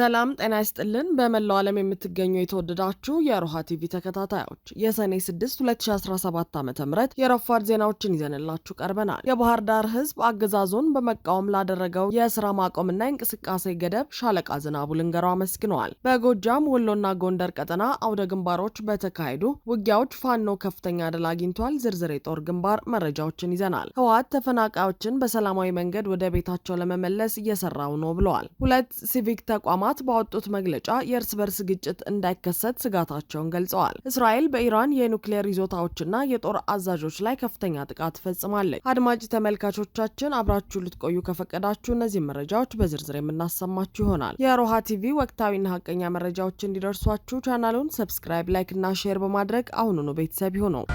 ሰላም ጤና ይስጥልን። በመላው ዓለም የምትገኙ የተወደዳችሁ የሮሃ ቲቪ ተከታታዮች የሰኔ 6 2017 ዓ ም የረፋድ ዜናዎችን ይዘንላችሁ ቀርበናል። የባህር ዳር ህዝብ አገዛዙን በመቃወም ላደረገው የስራ ማቆምና እንቅስቃሴ ገደብ ሻለቃ ዝናቡ ልንገረው አመስግነዋል። በጎጃም ወሎና ጎንደር ቀጠና አውደ ግንባሮች በተካሄዱ ውጊያዎች ፋኖ ከፍተኛ ድል አግኝቷል። ዝርዝር የጦር ግንባር መረጃዎችን ይዘናል። ህወሓት ተፈናቃዮችን በሰላማዊ መንገድ ወደ ቤታቸው ለመመለስ እየሰራው ነው ብለዋል። ሁለት ሲቪክ ተቋማት ሀገራት ባወጡት መግለጫ የእርስ በርስ ግጭት እንዳይከሰት ስጋታቸውን ገልጸዋል። እስራኤል በኢራን የኑክሌር ይዞታዎችና የጦር አዛዦች ላይ ከፍተኛ ጥቃት ፈጽማለች። አድማጭ ተመልካቾቻችን አብራችሁ ልትቆዩ ከፈቀዳችሁ እነዚህ መረጃዎች በዝርዝር የምናሰማችሁ ይሆናል። የሮሃ ቲቪ ወቅታዊና ሀቀኛ መረጃዎች እንዲደርሷችሁ ቻናሉን ሰብስክራይብ፣ ላይክ እና ሼር በማድረግ አሁኑኑ ቤተሰብ ይሁኑ።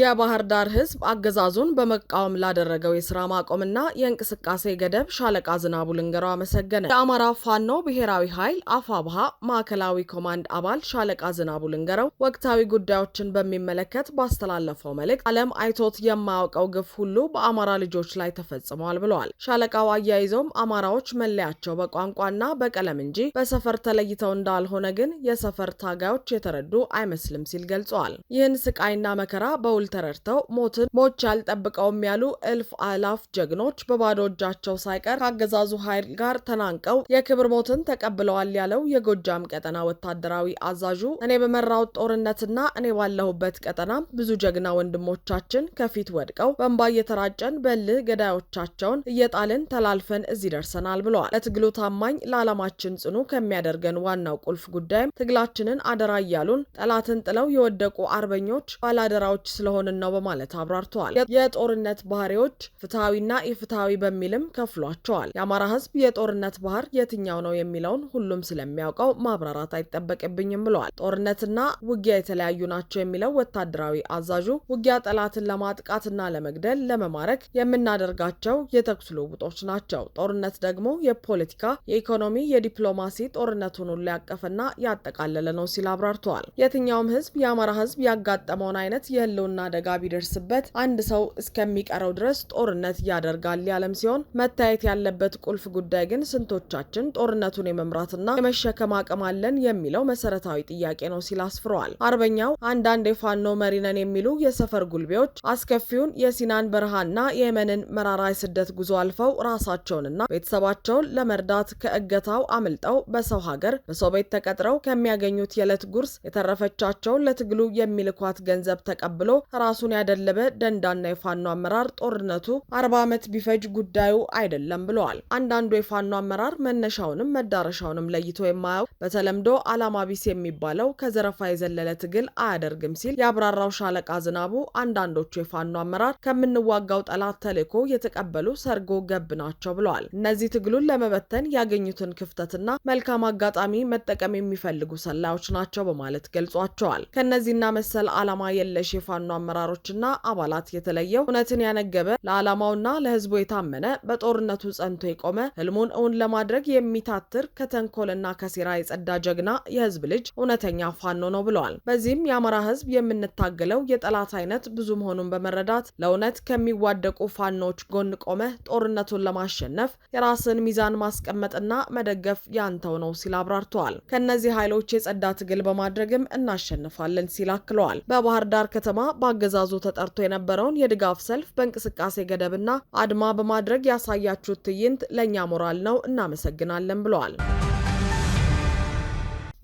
የባህር ዳር ህዝብ አገዛዙን በመቃወም ላደረገው የስራ ማቆምና የእንቅስቃሴ ገደብ ሻለቃ ዝናቡ ልንገረው አመሰገነ። የአማራ ፋኖ ብሔራዊ ኃይል አፋብሃ ማዕከላዊ ኮማንድ አባል ሻለቃ ዝናቡ ልንገረው ወቅታዊ ጉዳዮችን በሚመለከት ባስተላለፈው መልእክት ዓለም አይቶት የማያውቀው ግፍ ሁሉ በአማራ ልጆች ላይ ተፈጽሟል ብለዋል። ሻለቃው አያይዘውም አማራዎች መለያቸው በቋንቋና በቀለም እንጂ በሰፈር ተለይተው እንዳልሆነ ግን የሰፈር ታጋዮች የተረዱ አይመስልም ሲል ገልጸዋል። ይህን ስቃይና መከራ በውል በኩል ተረድተው ሞትን ሞች አልጠብቀውም ያሉ እልፍ አላፍ ጀግኖች በባዶ እጃቸው ሳይቀር ከአገዛዙ ኃይል ጋር ተናንቀው የክብር ሞትን ተቀብለዋል ያለው የጎጃም ቀጠና ወታደራዊ አዛዡ እኔ በመራውት ጦርነትና እኔ ባለሁበት ቀጠና ብዙ ጀግና ወንድሞቻችን ከፊት ወድቀው በእንባ እየተራጨን በልህ ገዳዮቻቸውን እየጣልን ተላልፈን እዚህ ደርሰናል ብለዋል። ለትግሉ ታማኝ ለዓላማችን ጽኑ ከሚያደርገን ዋናው ቁልፍ ጉዳይም ትግላችንን አደራ እያሉን ጠላትን ጥለው የወደቁ አርበኞች ባላደራዎች ስለሆ እየሆንን ነው በማለት አብራርተዋል። የጦርነት ባህሪዎች ፍትሐዊና ኢፍትሐዊ በሚልም ከፍሏቸዋል። የአማራ ህዝብ የጦርነት ባህር የትኛው ነው የሚለውን ሁሉም ስለሚያውቀው ማብራራት አይጠበቅብኝም ብለዋል። ጦርነትና ውጊያ የተለያዩ ናቸው የሚለው ወታደራዊ አዛዡ ውጊያ ጠላትን ለማጥቃትና ለመግደል፣ ለመማረክ የምናደርጋቸው የተኩስ ልውውጦች ናቸው። ጦርነት ደግሞ የፖለቲካ፣ የኢኮኖሚ፣ የዲፕሎማሲ ጦርነቱን ሁሉ ያቀፈና ያጠቃለለ ነው ሲል አብራርተዋል። የትኛውም ህዝብ የአማራ ህዝብ ያጋጠመውን አይነት የህልውና አደጋ ቢደርስበት አንድ ሰው እስከሚቀረው ድረስ ጦርነት ያደርጋል ያለም ሲሆን መታየት ያለበት ቁልፍ ጉዳይ ግን ስንቶቻችን ጦርነቱን የመምራትና የመሸከም አቅም አለን የሚለው መሰረታዊ ጥያቄ ነው ሲል አስፍረዋል። አርበኛው አንዳንድ የፋኖ መሪነን የሚሉ የሰፈር ጉልቤዎች አስከፊውን የሲናን በረሃና የየመንን መራራ የስደት ጉዞ አልፈው ራሳቸውንና ቤተሰባቸውን ለመርዳት ከእገታው አምልጠው በሰው ሀገር በሰው ቤት ተቀጥረው ከሚያገኙት የዕለት ጉርስ የተረፈቻቸውን ለትግሉ የሚልኳት ገንዘብ ተቀብሎ ራሱን ያደለበ ደንዳና የፋኖ አመራር ጦርነቱ አርባ ዓመት ቢፈጅ ጉዳዩ አይደለም ብለዋል። አንዳንዱ የፋኖ አመራር መነሻውንም መዳረሻውንም ለይቶ የማያውቅ በተለምዶ አላማ ቢስ የሚባለው ከዘረፋ የዘለለ ትግል አያደርግም ሲል የአብራራው ሻለቃ ዝናቡ አንዳንዶቹ የፋኖ አመራር ከምንዋጋው ጠላት ተልዕኮ የተቀበሉ ሰርጎ ገብ ናቸው ብለዋል። እነዚህ ትግሉን ለመበተን ያገኙትን ክፍተትና መልካም አጋጣሚ መጠቀም የሚፈልጉ ሰላዮች ናቸው በማለት ገልጿቸዋል። ከእነዚህና መሰል አላማ የለሽ የፋኖ አመራሮችና አባላት የተለየው እውነትን ያነገበ ለዓላማውና ለህዝቡ የታመነ በጦርነቱ ጸንቶ የቆመ ህልሙን እውን ለማድረግ የሚታትር ከተንኮልና ከሴራ የጸዳ ጀግና የህዝብ ልጅ እውነተኛ ፋኖ ነው ብለዋል። በዚህም የአማራ ህዝብ የምንታገለው የጠላት አይነት ብዙ መሆኑን በመረዳት ለእውነት ከሚዋደቁ ፋኖች ጎን ቆመ ጦርነቱን ለማሸነፍ የራስን ሚዛን ማስቀመጥና መደገፍ ያንተው ነው ሲል አብራርተዋል። ከእነዚህ ኃይሎች የጸዳ ትግል በማድረግም እናሸንፋለን ሲል አክለዋል። በባህር ዳር ከተማ በአገዛዙ ተጠርቶ የነበረውን የድጋፍ ሰልፍ በእንቅስቃሴ ገደብና አድማ በማድረግ ያሳያችሁት ትዕይንት ለእኛ ሞራል ነው፣ እናመሰግናለን ብለዋል።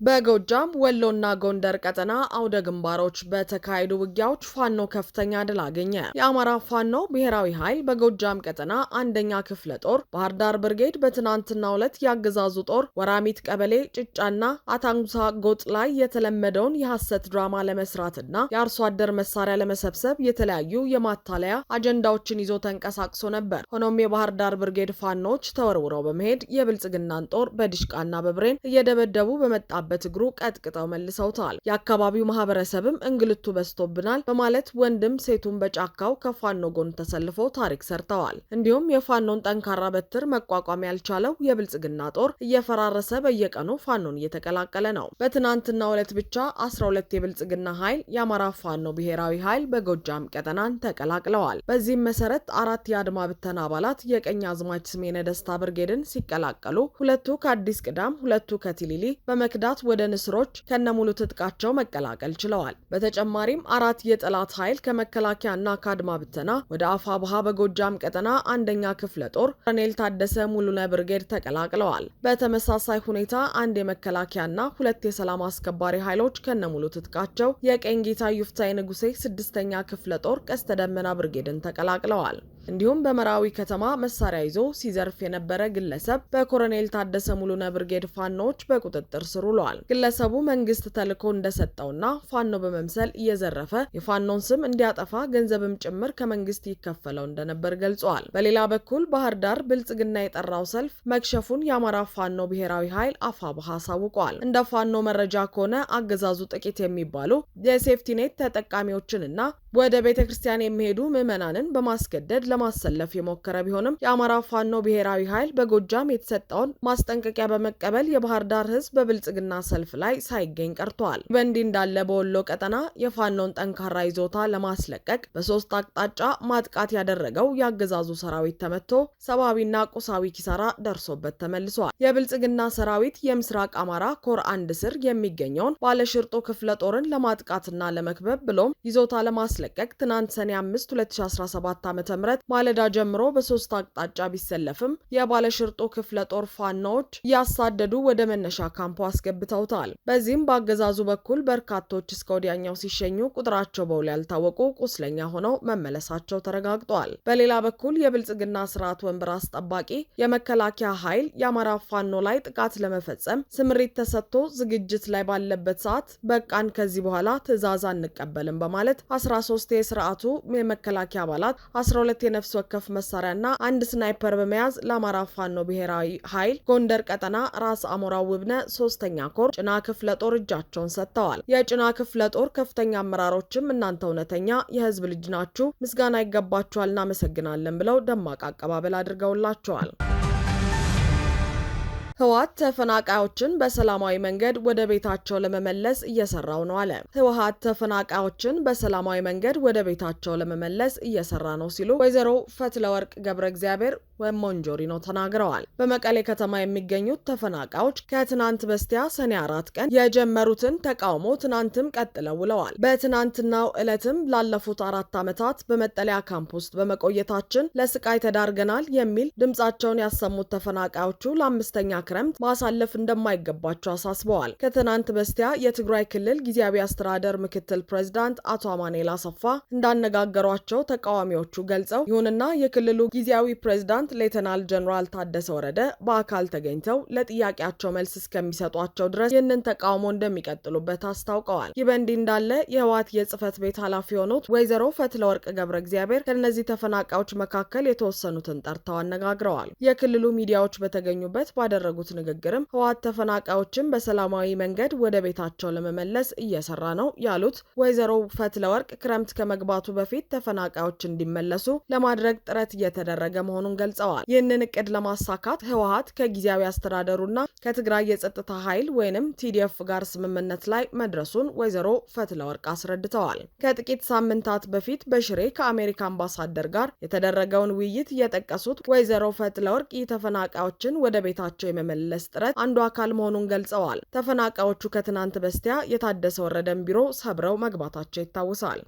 በጎጃም ወሎና ጎንደር ቀጠና አውደ ግንባሮች በተካሄዱ ውጊያዎች ፋኖ ከፍተኛ ድል አገኘ። የአማራ ፋኖ ብሔራዊ ኃይል በጎጃም ቀጠና አንደኛ ክፍለ ጦር ባህር ዳር ብርጌድ በትናንትናው ዕለት ያገዛዙ ጦር ወራሚት ቀበሌ ጭጫና አታንጉሳ ጎጥ ላይ የተለመደውን የሐሰት ድራማ ለመስራትና የአርሶ አደር መሳሪያ ለመሰብሰብ የተለያዩ የማታለያ አጀንዳዎችን ይዞ ተንቀሳቅሶ ነበር። ሆኖም የባህር ዳር ብርጌድ ፋኖዎች ተወርውረው በመሄድ የብልጽግናን ጦር በድሽቃና በብሬን እየደበደቡ በመጣበት በገባበት እግሩ ቀጥቅጠው መልሰውታል። የአካባቢው ማህበረሰብም እንግልቱ በዝቶብናል በማለት ወንድም ሴቱን በጫካው ከፋኖ ጎን ተሰልፈው ታሪክ ሰርተዋል። እንዲሁም የፋኖን ጠንካራ በትር መቋቋም ያልቻለው የብልጽግና ጦር እየፈራረሰ በየቀኑ ፋኖን እየተቀላቀለ ነው። በትናንትና ዕለት ብቻ 12 የብልጽግና ኃይል የአማራ ፋኖ ብሔራዊ ኃይል በጎጃም ቀጠናን ተቀላቅለዋል። በዚህም መሰረት አራት የአድማ ብተና አባላት የቀኝ አዝማች ስሜነ ደስታ ብርጌድን ሲቀላቀሉ ሁለቱ ከአዲስ ቅዳም፣ ሁለቱ ከቲሊሊ በመክዳት ወደ ንስሮች ከነሙሉ ትጥቃቸው መቀላቀል ችለዋል። በተጨማሪም አራት የጠላት ኃይል ከመከላከያና ከአድማ ብተና ወደ አፋብሃ በጎጃም ቀጠና አንደኛ ክፍለ ጦር ኮሎኔል ታደሰ ሙሉነ ብርጌድ ተቀላቅለዋል። በተመሳሳይ ሁኔታ አንድ የመከላከያና ሁለት የሰላም አስከባሪ ኃይሎች ከነሙሉ ትጥቃቸው የቀኝ ጌታ ዩፍታይ ንጉሴ ስድስተኛ ክፍለ ጦር ቀስተ ደመና ብርጌድን ተቀላቅለዋል። እንዲሁም በመራዊ ከተማ መሳሪያ ይዞ ሲዘርፍ የነበረ ግለሰብ በኮሎኔል ታደሰ ሙሉነ ብርጌድ ፋኖዎች በቁጥጥር ስር ውለዋል። ግለሰቡ መንግስት ተልዕኮ እንደሰጠውና ፋኖ በመምሰል እየዘረፈ የፋኖን ስም እንዲያጠፋ ገንዘብም ጭምር ከመንግስት ይከፈለው እንደነበር ገልጸዋል። በሌላ በኩል ባህር ዳር ብልጽግና የጠራው ሰልፍ መክሸፉን የአማራ ፋኖ ብሔራዊ ኃይል አፋብሃ አሳውቋል። እንደ ፋኖ መረጃ ከሆነ አገዛዙ ጥቂት የሚባሉ የሴፍቲኔት ተጠቃሚዎችንና ወደ ቤተ ክርስቲያን የሚሄዱ ምዕመናንን በማስገደድ ለማሰለፍ የሞከረ ቢሆንም የአማራ ፋኖ ብሔራዊ ኃይል በጎጃም የተሰጠውን ማስጠንቀቂያ በመቀበል የባህር ዳር ህዝብ በብልጽግና ሰልፍ ላይ ሳይገኝ ቀርቷል። በእንዲህ እንዳለ በወሎ ቀጠና የፋኖን ጠንካራ ይዞታ ለማስለቀቅ በሶስት አቅጣጫ ማጥቃት ያደረገው የአገዛዙ ሰራዊት ተመቶ ሰብአዊና ቁሳዊ ኪሳራ ደርሶበት ተመልሷል። የብልጽግና ሰራዊት የምስራቅ አማራ ኮር አንድ ስር የሚገኘውን ባለሽርጦ ክፍለ ጦርን ለማጥቃትና ለመክበብ ብሎም ይዞታ ለማስለቀቅ ትናንት ሰኔ 5 2017 ዓ ም ማለዳ ጀምሮ በሶስት አቅጣጫ ቢሰለፍም የባለሽርጦ ክፍለ ጦር ፋኖዎች እያሳደዱ ወደ መነሻ ካምፖ አስገብተውታል። በዚህም በአገዛዙ በኩል በርካቶች እስከ ወዲያኛው ሲሸኙ ቁጥራቸው በውል ያልታወቁ ቁስለኛ ሆነው መመለሳቸው ተረጋግጧል። በሌላ በኩል የብልጽግና ስርዓት ወንበር አስጠባቂ የመከላከያ ኃይል የአማራ ፋኖ ላይ ጥቃት ለመፈጸም ስምሪት ተሰጥቶ ዝግጅት ላይ ባለበት ሰዓት በቃን ከዚህ በኋላ ትዕዛዝ አንቀበልም በማለት 13 የስርዓቱ የመከላከያ አባላት 12 የነፍስ ወከፍ መሳሪያና አንድ ስናይፐር በመያዝ ለአማራ ፋኖ ብሔራዊ ኃይል ጎንደር ቀጠና ራስ አሞራ ውብነ ሶስተኛ ኮር ጭና ክፍለ ጦር እጃቸውን ሰጥተዋል። የጭና ክፍለ ጦር ከፍተኛ አመራሮችም እናንተ እውነተኛ የህዝብ ልጅ ናችሁ፣ ምስጋና ይገባችኋል፣ እናመሰግናለን ብለው ደማቅ አቀባበል አድርገውላቸዋል። ህወሀት ተፈናቃዮችን በሰላማዊ መንገድ ወደ ቤታቸው ለመመለስ እየሰራው ነው አለ። ህወሀት ተፈናቃዮችን በሰላማዊ መንገድ ወደ ቤታቸው ለመመለስ እየሰራ ነው ሲሉ ወይዘሮ ፈትለወርቅ ገብረ እግዚአብሔር ወሞንጆሪኖ ተናግረዋል። በመቀሌ ከተማ የሚገኙት ተፈናቃዮች ከትናንት በስቲያ ሰኔ አራት ቀን የጀመሩትን ተቃውሞ ትናንትም ቀጥለው ውለዋል። በትናንትናው ዕለትም ላለፉት አራት ዓመታት በመጠለያ ካምፕ ውስጥ በመቆየታችን ለስቃይ ተዳርገናል የሚል ድምጻቸውን ያሰሙት ተፈናቃዮቹ ለአምስተኛ ክረምት ማሳለፍ እንደማይገባቸው አሳስበዋል። ከትናንት በስቲያ የትግራይ ክልል ጊዜያዊ አስተዳደር ምክትል ፕሬዚዳንት አቶ አማኔል አሰፋ እንዳነጋገሯቸው ተቃዋሚዎቹ ገልጸው፣ ይሁንና የክልሉ ጊዜያዊ ፕሬዚዳንት ሌተናል ጀኔራል ታደሰ ወረደ በአካል ተገኝተው ለጥያቄያቸው መልስ እስከሚሰጧቸው ድረስ ይህንን ተቃውሞ እንደሚቀጥሉበት አስታውቀዋል። ይህ በእንዲህ እንዳለ የህወሓት የጽህፈት ቤት ኃላፊ የሆኑት ወይዘሮ ፈትለወርቅ ገብረ እግዚአብሔር ከእነዚህ ተፈናቃዮች መካከል የተወሰኑትን ጠርተው አነጋግረዋል። የክልሉ ሚዲያዎች በተገኙበት ባደረጉ ባደረጉት ንግግርም ህወሓት ተፈናቃዮችን በሰላማዊ መንገድ ወደ ቤታቸው ለመመለስ እየሰራ ነው ያሉት ወይዘሮ ፈትለወርቅ ክረምት ከመግባቱ በፊት ተፈናቃዮች እንዲመለሱ ለማድረግ ጥረት እየተደረገ መሆኑን ገልጸዋል። ይህንን እቅድ ለማሳካት ህወሓት ከጊዜያዊ አስተዳደሩና ከትግራይ የጸጥታ ኃይል ወይንም ቲዲኤፍ ጋር ስምምነት ላይ መድረሱን ወይዘሮ ፈትለወርቅ አስረድተዋል። ከጥቂት ሳምንታት በፊት በሽሬ ከአሜሪካ አምባሳደር ጋር የተደረገውን ውይይት የጠቀሱት ወይዘሮ ፈትለወርቅ ይህ ተፈናቃዮችን ወደ ቤታቸው የመመለስ ጥረት አንዱ አካል መሆኑን ገልጸዋል። ተፈናቃዮቹ ከትናንት በስቲያ የታደሰ ወረደን ቢሮ ሰብረው መግባታቸው ይታወሳል።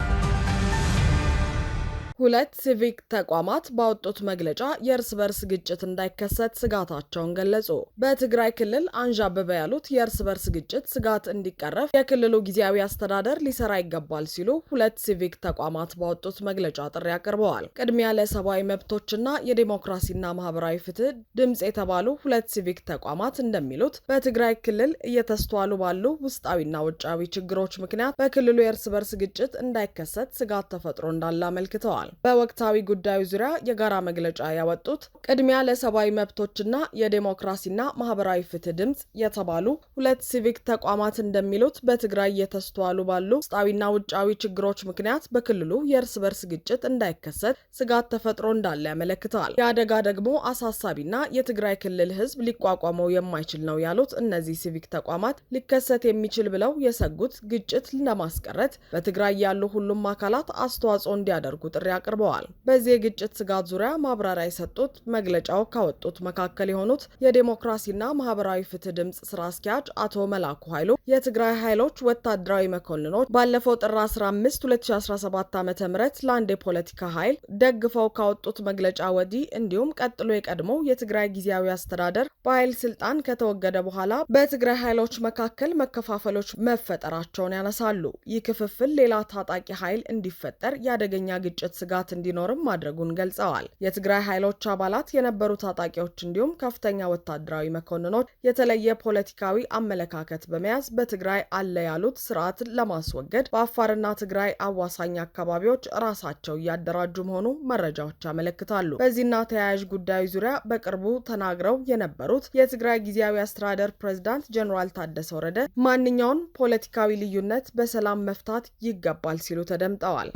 ሁለት ሲቪክ ተቋማት ባወጡት መግለጫ የእርስ በርስ ግጭት እንዳይከሰት ስጋታቸውን ገለጹ። በትግራይ ክልል አንዣበበ ያሉት የእርስ በርስ ግጭት ስጋት እንዲቀረፍ የክልሉ ጊዜያዊ አስተዳደር ሊሰራ ይገባል ሲሉ ሁለት ሲቪክ ተቋማት ባወጡት መግለጫ ጥሪ አቅርበዋል። ቅድሚያ ለሰብአዊ መብቶችና የዴሞክራሲና ማህበራዊ ፍትህ ድምፅ የተባሉ ሁለት ሲቪክ ተቋማት እንደሚሉት በትግራይ ክልል እየተስተዋሉ ባሉ ውስጣዊና ውጫዊ ችግሮች ምክንያት በክልሉ የእርስ በርስ ግጭት እንዳይከሰት ስጋት ተፈጥሮ እንዳለ አመልክተዋል። ገልጿል። በወቅታዊ ጉዳዩ ዙሪያ የጋራ መግለጫ ያወጡት ቅድሚያ ለሰብአዊ መብቶችና የዴሞክራሲና ማህበራዊ ፍትህ ድምፅ የተባሉ ሁለት ሲቪክ ተቋማት እንደሚሉት በትግራይ እየተስተዋሉ ባሉ ውስጣዊና ውጫዊ ችግሮች ምክንያት በክልሉ የእርስ በርስ ግጭት እንዳይከሰት ስጋት ተፈጥሮ እንዳለ ያመለክተዋል። የአደጋ ደግሞ አሳሳቢና የትግራይ ክልል ህዝብ ሊቋቋመው የማይችል ነው ያሉት እነዚህ ሲቪክ ተቋማት ሊከሰት የሚችል ብለው የሰጉት ግጭት ለማስቀረት በትግራይ ያሉ ሁሉም አካላት አስተዋጽኦ እንዲያደርጉ ጥሪ አቅርበዋል። በዚህ የግጭት ስጋት ዙሪያ ማብራሪያ የሰጡት መግለጫው ካወጡት መካከል የሆኑት የዴሞክራሲና ማህበራዊ ፍትህ ድምፅ ስራ አስኪያጅ አቶ መላኩ ኃይሉ የትግራይ ኃይሎች ወታደራዊ መኮንኖች ባለፈው ጥር 15 2017 ዓ ም ለአንድ የፖለቲካ ኃይል ደግፈው ካወጡት መግለጫ ወዲህ እንዲሁም ቀጥሎ የቀድሞው የትግራይ ጊዜያዊ አስተዳደር በኃይል ስልጣን ከተወገደ በኋላ በትግራይ ኃይሎች መካከል መከፋፈሎች መፈጠራቸውን ያነሳሉ። ይህ ክፍፍል ሌላ ታጣቂ ኃይል እንዲፈጠር ያደገኛ ግጭት ስጋት እንዲኖርም ማድረጉን ገልጸዋል። የትግራይ ኃይሎች አባላት የነበሩ ታጣቂዎች እንዲሁም ከፍተኛ ወታደራዊ መኮንኖች የተለየ ፖለቲካዊ አመለካከት በመያዝ በትግራይ አለ ያሉት ስርዓት ለማስወገድ በአፋርና ትግራይ አዋሳኝ አካባቢዎች ራሳቸው እያደራጁ መሆኑ መረጃዎች ያመለክታሉ። በዚህና ተያያዥ ጉዳዮች ዙሪያ በቅርቡ ተናግረው የነበሩት የትግራይ ጊዜያዊ አስተዳደር ፕሬዚዳንት ጀኔራል ታደሰ ወረደ ማንኛውን ፖለቲካዊ ልዩነት በሰላም መፍታት ይገባል ሲሉ ተደምጠዋል።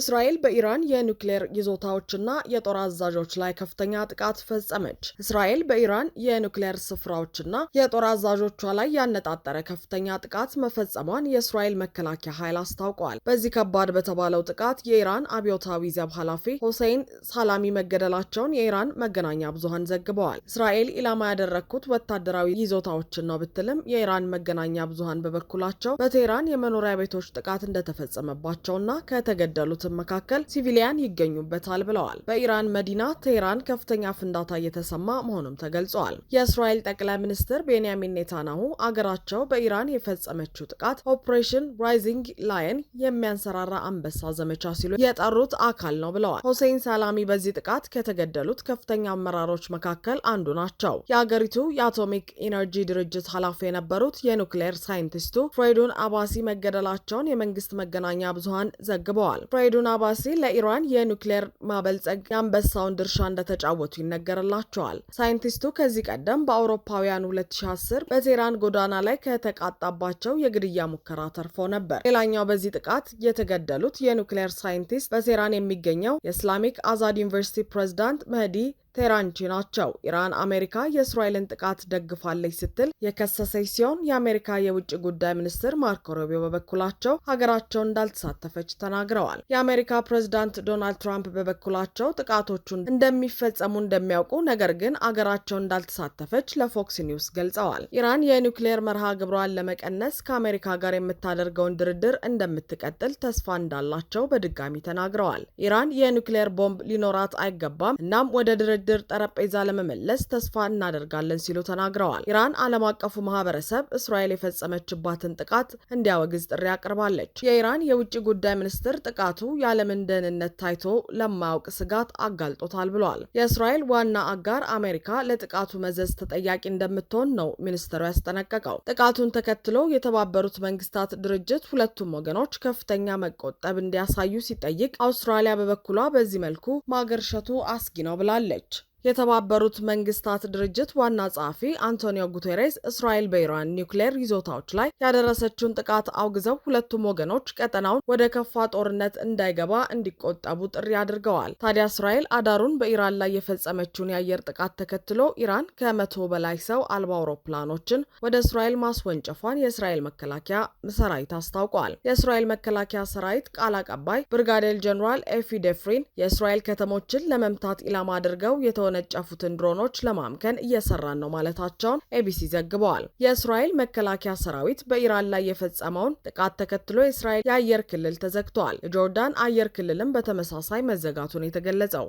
እስራኤል በኢራን የኒውክሌር ይዞታዎችና የጦር አዛዦች ላይ ከፍተኛ ጥቃት ፈጸመች። እስራኤል በኢራን የኒውክሌር ስፍራዎችና የጦር አዛዦቿ ላይ ያነጣጠረ ከፍተኛ ጥቃት መፈጸሟን የእስራኤል መከላከያ ኃይል አስታውቋል። በዚህ ከባድ በተባለው ጥቃት የኢራን አብዮታዊ ዘብ ኃላፊ ሁሴይን ሳላሚ መገደላቸውን የኢራን መገናኛ ብዙኃን ዘግበዋል። እስራኤል ኢላማ ያደረግኩት ወታደራዊ ይዞታዎችን ነው ብትልም የኢራን መገናኛ ብዙሃን በበኩላቸው በቴህራን የመኖሪያ ቤቶች ጥቃት እንደተፈጸመባቸውና ከተገደሉት ከሞቱትም መካከል ሲቪሊያን ይገኙበታል ብለዋል። በኢራን መዲና ቴህራን ከፍተኛ ፍንዳታ እየተሰማ መሆኑም ተገልጿል። የእስራኤል ጠቅላይ ሚኒስትር ቤንያሚን ኔታናሁ አገራቸው በኢራን የፈጸመችው ጥቃት ኦፕሬሽን ራይዚንግ ላየን የሚያንሰራራ አንበሳ ዘመቻ ሲሉ የጠሩት አካል ነው ብለዋል። ሁሴን ሳላሚ በዚህ ጥቃት ከተገደሉት ከፍተኛ አመራሮች መካከል አንዱ ናቸው። የአገሪቱ የአቶሚክ ኢነርጂ ድርጅት ኃላፊ የነበሩት የኑክሌር ሳይንቲስቱ ፍሬዱን አባሲ መገደላቸውን የመንግስት መገናኛ ብዙሀን ዘግበዋል። ፌዱን አባሲ ለኢራን የኒውክሌር ማበልጸግ የአንበሳውን ድርሻ እንደተጫወቱ ይነገርላቸዋል። ሳይንቲስቱ ከዚህ ቀደም በአውሮፓውያን 2010 በቴህራን ጎዳና ላይ ከተቃጣባቸው የግድያ ሙከራ ተርፎ ነበር። ሌላኛው በዚህ ጥቃት የተገደሉት የኒውክሌር ሳይንቲስት በቴህራን የሚገኘው የእስላሚክ አዛድ ዩኒቨርሲቲ ፕሬዚዳንት መህዲ ቴራንቺ ናቸው። ኢራን አሜሪካ የእስራኤልን ጥቃት ደግፋለች ስትል የከሰሰች ሲሆን የአሜሪካ የውጭ ጉዳይ ሚኒስትር ማርኮ ሮቢዮ በበኩላቸው ሀገራቸው እንዳልተሳተፈች ተናግረዋል። የአሜሪካ ፕሬዚዳንት ዶናልድ ትራምፕ በበኩላቸው ጥቃቶቹን እንደሚፈጸሙ እንደሚያውቁ፣ ነገር ግን አገራቸው እንዳልተሳተፈች ለፎክስ ኒውስ ገልጸዋል። ኢራን የኒውክሌር መርሃ ግብሯን ለመቀነስ ከአሜሪካ ጋር የምታደርገውን ድርድር እንደምትቀጥል ተስፋ እንዳላቸው በድጋሚ ተናግረዋል። ኢራን የኒውክሌር ቦምብ ሊኖራት አይገባም እናም ወደ የድርድር ጠረጴዛ ለመመለስ ተስፋ እናደርጋለን ሲሉ ተናግረዋል። ኢራን ዓለም አቀፉ ማህበረሰብ እስራኤል የፈጸመችባትን ጥቃት እንዲያወግዝ ጥሪ አቅርባለች። የኢራን የውጭ ጉዳይ ሚኒስትር ጥቃቱ የዓለምን ደህንነት ታይቶ ለማያውቅ ስጋት አጋልጦታል ብሏል። የእስራኤል ዋና አጋር አሜሪካ ለጥቃቱ መዘዝ ተጠያቂ እንደምትሆን ነው ሚኒስትሩ ያስጠነቀቀው። ጥቃቱን ተከትሎ የተባበሩት መንግስታት ድርጅት ሁለቱም ወገኖች ከፍተኛ መቆጠብ እንዲያሳዩ ሲጠይቅ፣ አውስትራሊያ በበኩሏ በዚህ መልኩ ማገርሸቱ አስጊ ነው ብላለች። የተባበሩት መንግስታት ድርጅት ዋና ጸሐፊ አንቶኒዮ ጉቴሬስ እስራኤል በኢራን ኒውክሌር ይዞታዎች ላይ ያደረሰችውን ጥቃት አውግዘው ሁለቱም ወገኖች ቀጠናውን ወደ ከፋ ጦርነት እንዳይገባ እንዲቆጠቡ ጥሪ አድርገዋል። ታዲያ እስራኤል አዳሩን በኢራን ላይ የፈጸመችውን የአየር ጥቃት ተከትሎ ኢራን ከመቶ በላይ ሰው አልባ አውሮፕላኖችን ወደ እስራኤል ማስወንጨፏን የእስራኤል መከላከያ ሰራዊት አስታውቋል። የእስራኤል መከላከያ ሰራዊት ቃል አቀባይ ብርጋዴር ጀኔራል ኤፊ ደፍሪን የእስራኤል ከተሞችን ለመምታት ኢላማ አድርገው የተወ የተወነጨፉትን ድሮኖች ለማምከን እየሰራን ነው ማለታቸውን ኤቢሲ ዘግበዋል። የእስራኤል መከላከያ ሰራዊት በኢራን ላይ የፈጸመውን ጥቃት ተከትሎ የእስራኤል የአየር ክልል ተዘግቷል። የጆርዳን አየር ክልልም በተመሳሳይ መዘጋቱን የተገለጸው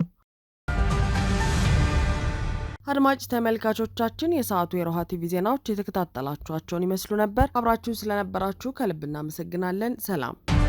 አድማጭ ተመልካቾቻችን የሰዓቱ የሮሃ ቲቪ ዜናዎች የተከታተላችኋቸውን ይመስሉ ነበር። አብራችሁን ስለነበራችሁ ከልብ እናመሰግናለን። ሰላም